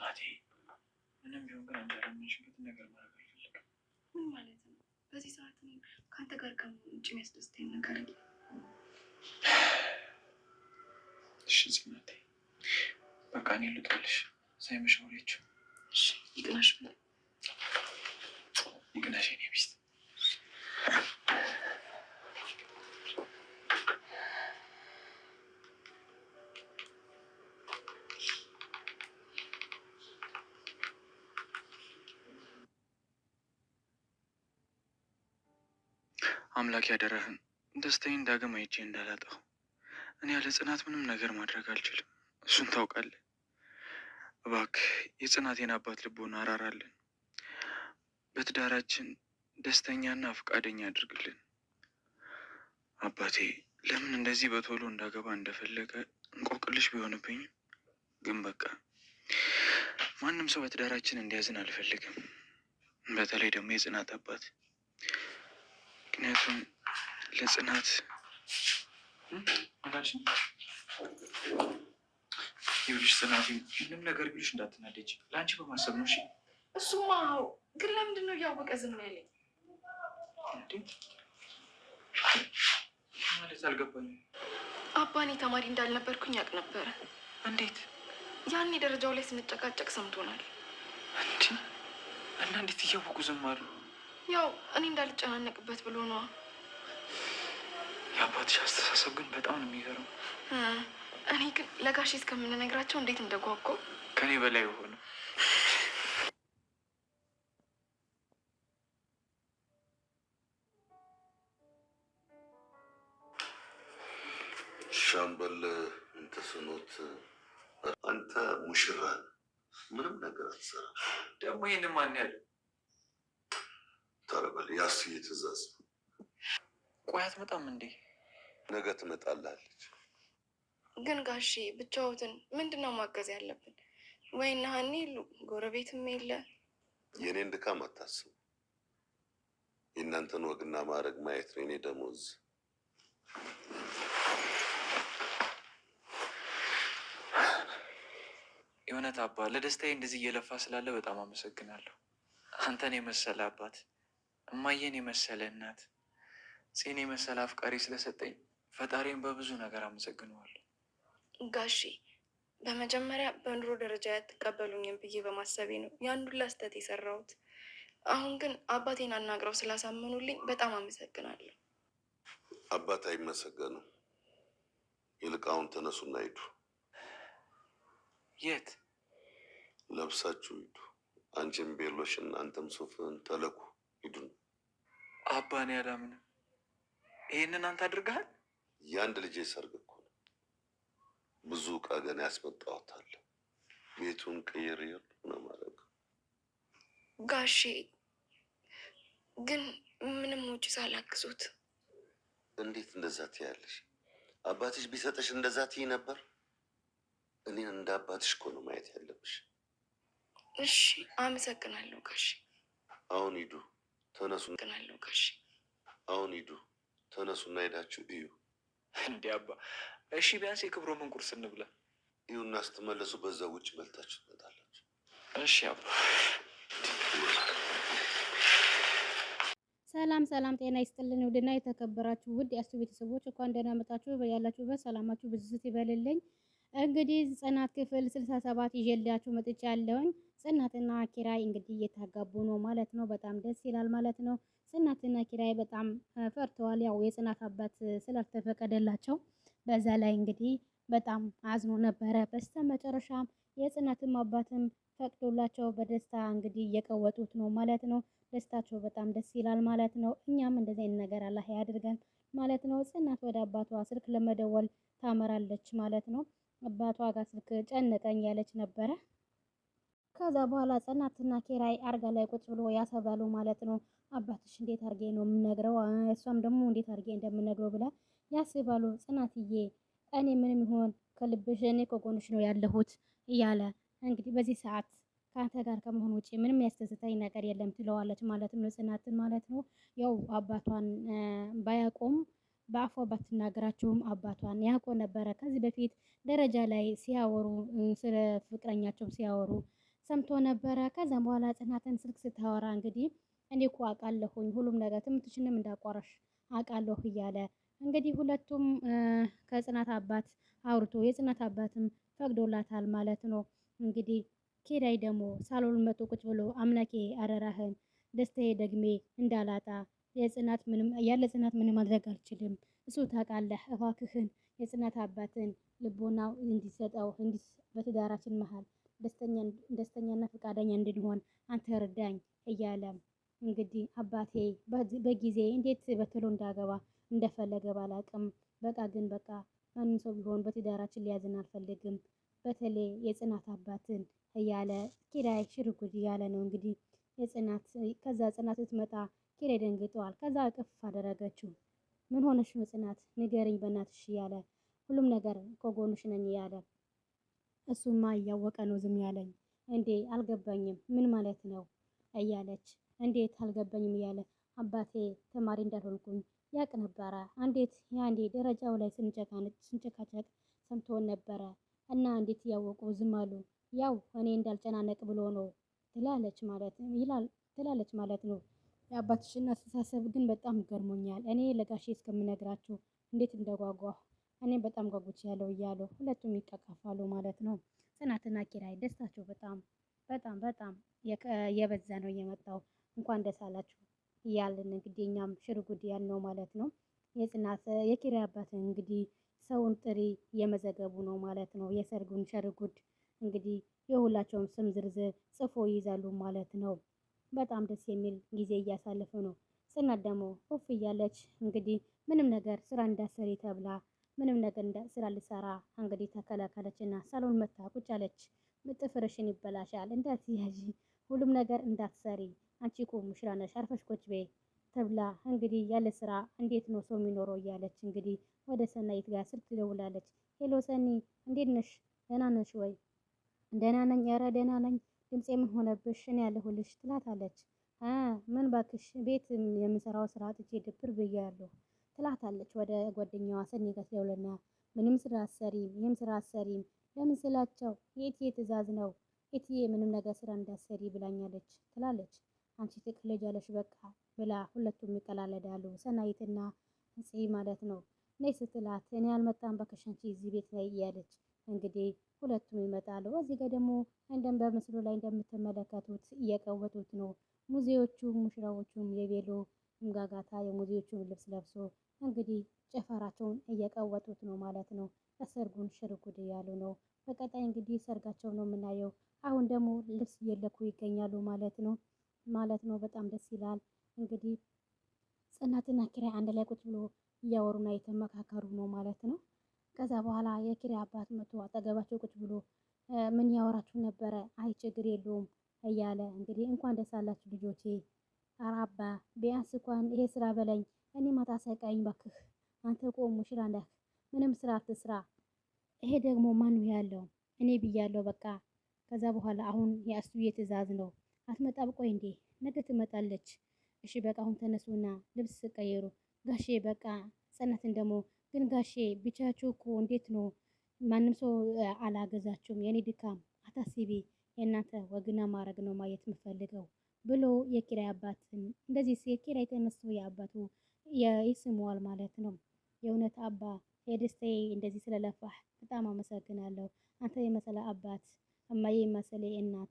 እናቴ ምንም ቢሆን ግን አንድ ያለምንሽበትን ነገር ማድረግ አልፈለግም። ምን ማለት ነው? በዚህ ሰዓት ከአንተ ጋር ከመሆን ውጭ የሚያስደስተኝ ነገር የለም። እሺ እናቴ በቃ እኔ ልጥልሽ ሳይመሻውሬችው ይቅናሽ፣ ይቅናሽ ኔ አምላክ ያደራህን ደስታዬን ዳግም አይቼ እንዳላጣሁ። እኔ ያለ ጽናት ምንም ነገር ማድረግ አልችልም፣ እሱን ታውቃለህ። እባክህ የጽናቴን አባት ልቦን አራራልን፣ በትዳራችን ደስተኛና ፈቃደኛ አድርግልን። አባቴ ለምን እንደዚህ በቶሎ እንዳገባ እንደፈለገ እንቆቅልሽ ቢሆንብኝም ግን በቃ ማንም ሰው በትዳራችን እንዲያዝን አልፈልግም። በተለይ ደግሞ የጽናት አባት ምክንያቱም ለጽናት ይኸውልሽ፣ ጽናት ምንም ነገር ቢሉሽ እንዳትናደጅ፣ ለአንቺ በማሰብ ነው። እሺ እሱማ አዎ። ግን ለምንድን ነው እያወቀ ዝም ያለኝ? ማለት አልገባኝም። አባኔ ተማሪ እንዳልነበርኩኝ ያውቅ ነበረ። እንዴት? ያኔ ደረጃው ላይ ስንጨቃጨቅ ሰምቶናል። እንዲ እና እንዴት እያወቁ ዝም አሉ? ያው እኔ እንዳልጨናነቅበት ብሎ ነዋ። የአባትሽ አስተሳሰብ ግን በጣም ነው የሚገርም። እኔ ግን ለጋሽ እስከምንነግራቸው እንዴት እንደጓጓ ከኔ በላይ የሆነ ሻምበል እንተስኖት አንተ ሙሽራ ምንም ነገር አትሰራም። ደግሞ ይህን ማን ያለው ታደርጋለህ። የአስዬ ትእዛዝ። ቆይ አትመጣም እንዴ? ነገ ትመጣላለች። ግን ጋሺ ብቻዎትን ምንድን ነው ማገዝ ያለብን? ወይና ሀኒ የሉ፣ ጎረቤትም የለ። የእኔን ድካም አታስቡ። የእናንተን ወግና ማድረግ ማየት ነው የኔ ደሞዝ። የእውነት አባ ለደስታዬ እንደዚህ እየለፋ ስላለ በጣም አመሰግናለሁ። አንተን የመሰለ አባት እማየን የመሰለ እናት፣ ጽን የመሰለ አፍቃሪ ስለሰጠኝ ፈጣሪን በብዙ ነገር አመሰግነዋለሁ። ጋሺ በመጀመሪያ በኑሮ ደረጃ ያትቀበሉኝም ብዬ በማሰቤ ነው ያን ላስተት የሰራውት የሰራሁት። አሁን ግን አባቴን አናግረው ስላሳመኑልኝ በጣም አመሰግናለሁ። አባት አይመሰገንም። ይልቅ አሁን ተነሱና ሂዱ። የት ለብሳችሁ ሂዱ። አንቺም ቤሎሽን፣ አንተም ሱፍን ተለኩ። ሂዱን አባን ያላምንም ይህንን አንተ አድርገሃል። የአንድ ልጄ ሰርግ እኮ ነው። ብዙ እቃ ገና ያስመጣወታል። ቤቱን ቅይር ነው ማለት ጋሼ። ግን ምንም ውጭ ሳላግዙት እንዴት እንደዛ ትያለሽ? አባትሽ ቢሰጥሽ እንደዛ ትይ ነበር። እኔን እንደ አባትሽ እኮ ነው ማየት ያለብሽ። እሺ፣ አመሰግናለሁ ጋሼ። አሁን ሂዱ። ተነሱ። ግናለሁ ጋሽ አሁን ሂዱ። ተነሱ እና ሄዳችሁ እዩ። እንዲ አባ እሺ፣ ቢያንስ የክብሮ ምን ቁርስ እንብላ። ይሁና ስትመለሱ በዛ ውጭ በልታችሁ ትመጣላችሁ። እሺ አባ ሰላም ሰላም፣ ጤና ይስጥልን። ውድና የተከበራችሁ ውድ ያሱ ቤተሰቦች እንኳን ደህና መጣችሁ። ያላችሁበት ሰላማችሁ ብዝት ይበልልኝ። እንግዲህ ጽናት ክፍል ስልሳ ሰባት ይዤላችሁ መጥቻ ያለውኝ ጽናትና ኪራይ እንግዲህ እየተጋቡ ነው ማለት ነው። በጣም ደስ ይላል ማለት ነው። ጽናትና ኪራይ በጣም ፈርተዋል። ያው የጽናት አባት ስላልተፈቀደላቸው በዛ ላይ እንግዲህ በጣም አዝኖ ነበረ። በስተ መጨረሻም የጽናትም አባትም ፈቅዶላቸው በደስታ እንግዲህ እየቀወጡት ነው ማለት ነው። ደስታቸው በጣም ደስ ይላል ማለት ነው። እኛም እንደዚህ አይነት ነገር አላህ ያድርገን ማለት ነው። ጽናት ወደ አባቷ ስልክ ለመደወል ታመራለች ማለት ነው። አባቷ ጋር ስልክ ጨነቀኝ ያለች ነበረ። ከዛ በኋላ ጽናትና ኬራይ አርጋ ላይ ቁጭ ብሎ ያሰባሉ ማለት ነው። አባትሽ እንዴት አድርጌ ነው የምነግረው፣ እሷም ደግሞ እንዴት አርጌ እንደምነግረው ብላ ያስባሉ። ጽናትዬ እኔ ምንም ይሆን ከልብሽ እኔ ከጎንሽ ነው ያለሁት እያለ እንግዲህ በዚህ ሰዓት ከአንተ ጋር ከመሆን ውጭ ምንም ያስደስተኝ ነገር የለም ትለዋለች ማለት ነው። ጽናትን ማለት ነው ያው አባቷን ባያቆም በአፏ ባትናገራቸውም አባቷን ያቆ ነበረ። ከዚህ በፊት ደረጃ ላይ ሲያወሩ ስለ ፍቅረኛቸው ሲያወሩ ሰምቶ ነበረ። ከዛም በኋላ ጽናትን ስልክ ስታወራ እንግዲህ እኔ እኮ አውቃለሁኝ ሁሉም ነገር ትምህርትሽንም እንዳቋረሽ አውቃለሁ እያለ እንግዲህ ሁለቱም ከጽናት አባት አውርቶ የጽናት አባትም ፈቅዶላታል ማለት ነው። እንግዲህ ኪራይ ደግሞ ሳሎን መቶ ቁጭ ብሎ አምላኬ አደራህን ደስታዬ ደግሜ እንዳላጣ የጽናት ምንም ያለ ጽናት ምንም ማድረግ አልችልም። እሱ ታውቃለህ፣ እባክህን የጽናት አባትን ልቦናው እንዲሰጠው በትዳራችን መሀል ደስተኛና ፈቃደኛ እንድንሆን አንተ እርዳኝ እያለ እንግዲህ አባቴ በጊዜ እንዴት በቶሎ እንዳገባ እንደፈለገ ባላቅም፣ በቃ ግን በቃ ማንም ሰው ቢሆን በትዳራችን ሊያዝን አልፈልግም፣ በተለይ የጽናት አባትን እያለ ኪራይ ሽርጉድ እያለ ነው እንግዲህ የጽናት ከዛ ጽናት ስትመጣ ኪራይ ደንግጠዋል። ከዛ እቅፍ አደረገችው። ምን ሆነሽ ነው ጽናት ንገርኝ በእናትሽ እያለ ሁሉም ነገር ከጎንሽ ነኝ እያለ እሱማ እያወቀ ነው ዝም ያለኝ እንዴ? አልገባኝም። ምን ማለት ነው እያለች እንዴት አልገባኝም እያለ አባቴ ተማሪ እንዳልሆንኩኝ ያቅ ነበረ። እንዴት ያኔ ደረጃው ላይ ስንጨቃጨቅ ሰምቶን ነበረ እና እንዴት እያወቁ ዝም አሉ? ያው እኔ እንዳልጨናነቅ ብሎ ነው ትላለች ማለት ትላለች ማለት ነው። የአባትሽን አስተሳሰብ ግን በጣም ገርሞኛል። እኔ ለጋሼ እስከምነግራችሁ እንዴት እንደጓጓሁ እኔ በጣም ጓጉች ያለው እያሉ ሁለቱም ይቃቀፋሉ ማለት ነው። ጽናትና ኪራይ ደስታቸው በጣም በጣም በጣም የበዛ ነው የመጣው። እንኳን ደስ አላችሁ እያልን እንግዲህ እኛም ያል ነው ማለት ነው። የጽናት የኪራይ አባት እንግዲህ ሰውን ጥሪ እየመዘገቡ ነው ማለት ነው። የሰርጉን ሽርጉድ እንግዲህ የሁላቸውም ስም ዝርዝር ጽፎ ይይዛሉ ማለት ነው። በጣም ደስ የሚል ጊዜ እያሳለፉ ነው። ጽናት ደግሞ እፍ እያለች እንግዲህ ምንም ነገር ስራ እንዳሰሪ ተብላ ምንም ነገር ልሰራ እንግዲህ ተከለከለች እና ሳሎን መታ ቁጭ አለች። ምጥፍርሽን ይበላሻል እንዳትያዥ፣ ሁሉም ነገር እንዳትሰሪ፣ አንቺ እኮ ሙሽራ ነሽ፣ አርፈሽ ቁጭ በይ ተብላ እንግዲህ ያለ ስራ እንዴት ነው ሰው የሚኖረው እያለች እንግዲህ ወደ ሰናይት ጋር ስልክ ትደውላለች። ሄሎ ሰኒ፣ እንዴት ነሽ? ደህና ነሽ ወይ? ደህና ነኝ፣ ኧረ ደህና ነኝ። ድምፄ ምን ሆነብሽ? እኔ ያለሁልሽ ትላታለች። ምን ባክሽ ቤት የምሰራው ስራ አጥቼ ድብር ብያለሁ ትላታለች ወደ ጓደኛዋ ሰኒ ጋር ደውልና ምንም ስራ አሰሪም ይህም ስራ አሰሪም ለምን ስላቸው የእትዬ ትእዛዝ ነው እትዬ ምንም ነገር ስራ እንዳሰሪ ብላኛለች ትላለች። አንቺ ትክለጃለሽ በቃ ብላ ሁለቱም ይቀላለዳሉ። ሰናይትና ንጽህ ማለት ነው። ነይ ስትላት እኔ አልመጣም እባክሽ አንቺ እዚህ ቤት ላይ እያለች እንግዲህ ሁለቱም ይመጣሉ። እዚህ ጋር ደግሞ እንደም በምስሉ ላይ እንደምትመለከቱት እየቀወጡት ነው ሙዚዎቹም ሙሽራዎቹም የቤሎ ጋጋታ የሙዚዎቹን ልብስ ለብሶ እንግዲህ ጭፈራቸውን እየቀወጡት ነው ማለት ነው። ሰርጉን ሽርጉድ እያሉ ነው። በቀጣይ እንግዲህ ሰርጋቸው ነው የምናየው። አሁን ደግሞ ልብስ እየለኩ ይገኛሉ ማለት ነው ማለት ነው። በጣም ደስ ይላል። እንግዲህ ጽናትና ኪራይ አንድ ላይ ቁጭ ብሎ እያወሩና የተመካከሩ ነው ማለት ነው። ከዛ በኋላ የኪራይ አባት መቶ አጠገባቸው ቁጭ ብሎ ምን ያወራችሁ ነበረ? አይ ችግር የለውም እያለ እንግዲህ እንኳን ደስ አላችሁ ልጆቼ አራባ ቢያንስ እንኳን ይሄ ስራ በለኝ እኔ ማታ ሰቃኝ ባክህ። አንተ ቆም ሙሽራ እንዳክ ምንም ስራ አትስራ። ይሄ ደግሞ ማን ያለው እኔ ብያለው በቃ። ከዛ በኋላ አሁን የአስቱዬ ትዕዛዝ ነው። አትመጣ ቆይ እንዴ ነገ ትመጣለች። እሺ በቃ አሁን ተነሱና ልብስ ቀይሩ። ጋሼ በቃ ጽናትን ደግሞ ግን ጋሼ ብቻችሁ እኮ እንዴት ነው? ማንም ሰው አላገዛችሁም። የኔ ድካም አታስቢ። የእናንተ ወግና ማድረግ ነው ማየት የምፈልገው። ብሎ የኪራይ አባትን እንደዚህ የኪራይ ተነስቶ የአባቱ ይስመዋል ማለት ነው። የእውነት አባ የደስታዬ እንደዚህ ስለለፋህ በጣም አመሰግናለሁ። አንተ የመሰለ አባት እማዬ የመሰለ እናት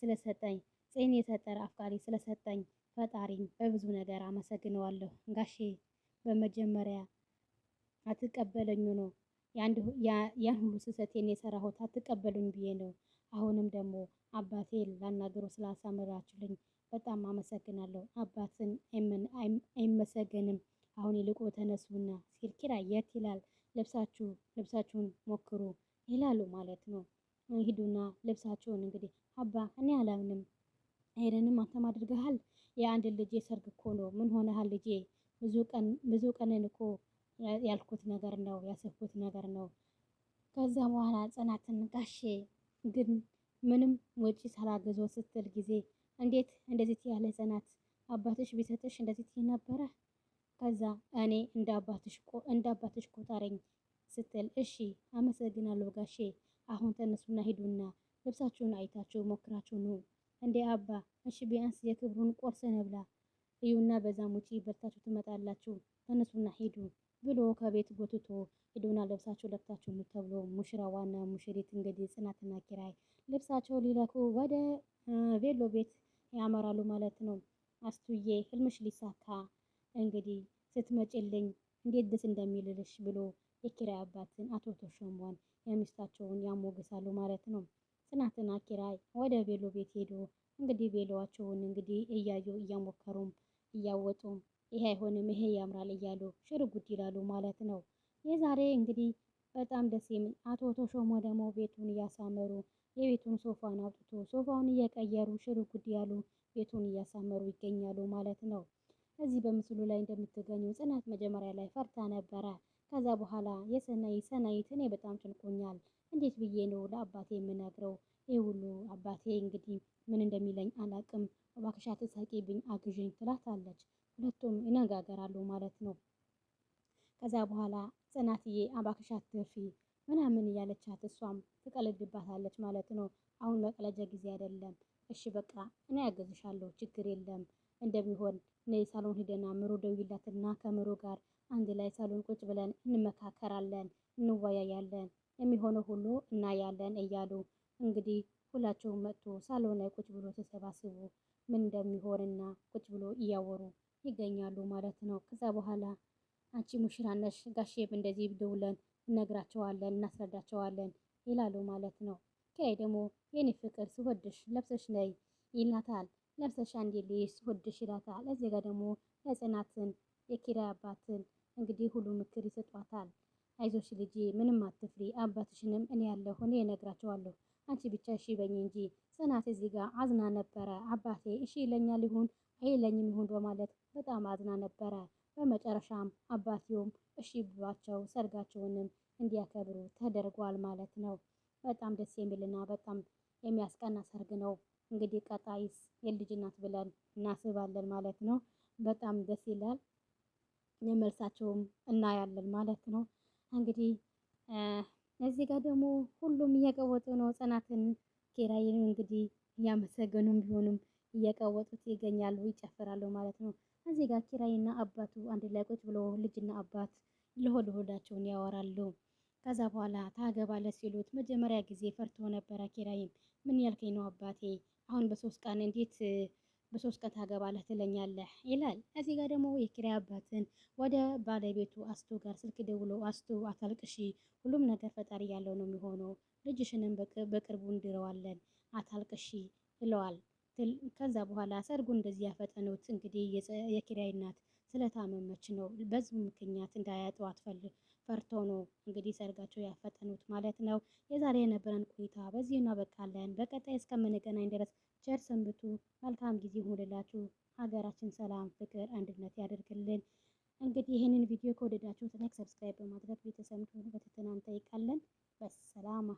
ስለሰጠኝ ጽን የሰጠር አፍቃሪ ስለሰጠኝ ፈጣሪን በብዙ ነገር አመሰግነዋለሁ። ጋሼ በመጀመሪያ አትቀበለኝ ነው ያን ሁሉ ስህተቴን የሰራሁት አትቀበሉኝ ብዬ ነው። አሁንም ደግሞ አባቴ ላናግሮ ስላሳመራችሁልኝ በጣም አመሰግናለሁ። አባትን አይመሰገንም። አሁን ይልቁ ተነሱና ሲል የት ይላል ልብሳችሁ ልብሳችሁን ሞክሩ ይላሉ ማለት ነው። ሂዱና ልብሳችሁን እንግዲህ አባ እኔ አላምንም ሄደንም አንተም አድርገሃል። የአንድ ልጄ ሰርግ እኮ ነው። ምን ሆነሃል ልጄ? ብዙ ቀን ብዙ ቀንን እኮ ያልኩት ነገር ነው ያሰብኩት ነገር ነው። ከዛ በኋላ ጽናትን ጋሼ ግን ምንም ወጪ ሳላገዘው ስትል ጊዜ እንዴት እንደዚህ ያለ ህፃናት አባትሽ ቢሰጥሽ እንደዚህ ነበረ። ከዛ እኔ እንደ አባትሽ እንደ አባትሽ ቆጠረኝ ስትል እሺ አመሰግናለሁ ጋሼ፣ አሁን ተነሱና ሂዱና ልብሳችሁን አይታችሁ ሞክራችሁ ኑ። እንዴ አባ እሺ፣ ቢያንስ የክብሩን ቆርሰ ነብላ እዩና በዛም ውጪ በርታችሁ ትመጣላችሁ። ተነሱና ሂዱ ብሎ ከቤት ጎትቶ ሂዱና ለብሳቸው ለብሳቸው ተብሎ ሙሽራዋና ሙሽሪት እንግዲህ ጽናትና ኪራይ ልብሳቸው ሊለኩ ወደ ቬሎ ቤት ያመራሉ ማለት ነው። አስቱዬ ህልምሽ ሊሳካ እንግዲህ ስትመጭልኝ እንዴት ደስ እንደሚልልሽ ብሎ የኪራይ አባትን አቶ ተሾመን የሚስታቸውን ያሞግሳሉ ማለት ነው። ጽናትና ኪራይ ወደ ቬሎ ቤት ሄዱ። እንግዲህ ቬሎዋቸውን እንግዲህ እያዩ እያሞከሩም እያወጡም ይሄ አይሆንም፣ ይሄ ያምራል እያሉ ሽር ጉድ ይላሉ ማለት ነው። የዛሬ እንግዲህ በጣም ደስ የሚል አቶ ተሾሞ ደግሞ ቤቱን እያሳመሩ የቤቱን ሶፋን አውጥቶ ሶፋውን እየቀየሩ ሽር ጉድ ያሉ ቤቱን እያሳመሩ ይገኛሉ ማለት ነው። እዚህ በምስሉ ላይ እንደምትገኙ ጽናት መጀመሪያ ላይ ፈርታ ነበረ። ከዛ በኋላ የሰናይ ሰናይት እኔ በጣም ጭንቆኛል፣ እንዴት ብዬ ነው ለአባቴ የምነግረው? ይህ ሁሉ አባቴ እንግዲህ ምን እንደሚለኝ አላቅም እባክሽ አትሳቂብኝ፣ አግዥኝ ትላታለች። ሁለቱም ይነጋገራሉ ማለት ነው። ከዛ በኋላ ጽናትዬ እባክሽ ትርፊ ምናምን እያለቻት እሷም ትቀልድባታለች ማለት ነው። አሁን መቀለጃ ጊዜ አይደለም። እሺ በቃ እኔ ያገዝሻለሁ፣ ችግር የለም እንደሚሆን ነይ ሳሎን ሂደና ምሮ ደውይላትና ከምሮ ጋር አንድ ላይ ሳሎን ቁጭ ብለን እንመካከራለን፣ እንወያያለን የሚሆነው ሁሉ እናያለን እያሉ እንግዲህ ሁላቸውም መጥቶ ሳሎን ላይ ቁጭ ብሎ ተሰባስቡ ምን እንደሚሆንና ቁጭ ብሎ እያወሩ ይገኛሉ ማለት ነው። ከዛ በኋላ አንቺ ሙሽራ ነሽ ጋሼም እንደዚህ ደውለን እነግራቸዋለን እናስረዳቸዋለን ይላሉ ማለት ነው። ከይ ደግሞ የኔ ፍቅር ስወድሽ ለብሰሽ ነይ ይላታል። ለብሰሽ አንዴ ስወድሽ ይላታል። እዚህ ጋር ደግሞ የጽናትን የኪራይ አባትን እንግዲህ ሁሉ ምክር ይሰጧታል። አይዞሽ ልጄ ምንም አትፍሪ፣ አባትሽንም እኔ ያለሁ እኔ እነግራቸዋለሁ። አንቺ ብቻ እሺ በኝ እንጂ ጽናት እዚህ ጋር አዝና ነበረ። አባቴ እሺ ይለኛል ይሁን አይለኝም ይሁን በማለት በጣም አዝና ነበረ። በመጨረሻም አባቴውም እሺ ብሏቸው ሰርጋቸውንም እንዲያከብሩ ተደርጓል ማለት ነው። በጣም ደስ የሚልና በጣም የሚያስቀና ሰርግ ነው። እንግዲህ ቀጣይስ የልጅ እናት ብለን እናስባለን ማለት ነው። በጣም ደስ ይላል። የመልሳቸውም እናያለን ማለት ነው። እንግዲህ እዚህ ጋር ደግሞ ሁሉም እየቀወጡ ነው ጽናትን ኪራይን እንግዲህ እያመሰገኑም ቢሆንም እየቀወጡት ይገኛሉ፣ ይጨፍራሉ ማለት ነው። እዚህ ጋር ኪራይና አባቱ አንድ ላይ ቁጭ ብሎ ልጅና አባት ለሆድ ሆዳቸውን ያወራሉ። ከዛ በኋላ ታገባለ ሲሉት መጀመሪያ ጊዜ ፈርቶ ነበረ። ኪራይም ምን ያልከኝ ነው አባቴ? አሁን በሶስት ቀን እንዴት በሶስት ቀን ታገባለህ ትለኛለህ ይላል። እዚህ ጋር ደግሞ የኪራይ አባትን ወደ ባለቤቱ አስቱ ጋር ስልክ ደውሎ አስቱ አታልቅሺ፣ ሁሉም ነገር ፈጣሪ ያለው ነው የሚሆነው፣ ልጅሽንም በቅርቡ እንድረዋለን፣ አታልቅሺ ይለዋል። ከዛ በኋላ ሰርጉ እንደዚህ ያፈጠኑት እንግዲህ የኪራይ እናት ስለታመመች ነው። በዚህ ምክንያት እንዳያጠው አትፈልግ ፈርተው ነው እንግዲህ ሰርጋቸው ያፈጠኑት ማለት ነው። የዛሬ የነበረን ቆይታ በዚህ እናበቃለን። በቀጣይ እስከምንገናኝ ድረስ ቸር ሰንብቱ። መልካም ጊዜ ይሁንላችሁ። ሀገራችን ሰላም፣ ፍቅር፣ አንድነት ያደርግልን። እንግዲህ ይህንን ቪዲዮ ከወደዳችሁ ላይክ፣ ሰብስክራይብ በማድረግ ቤተሰብ ሁሉ በትህትና እንጠይቃለን። በሰላም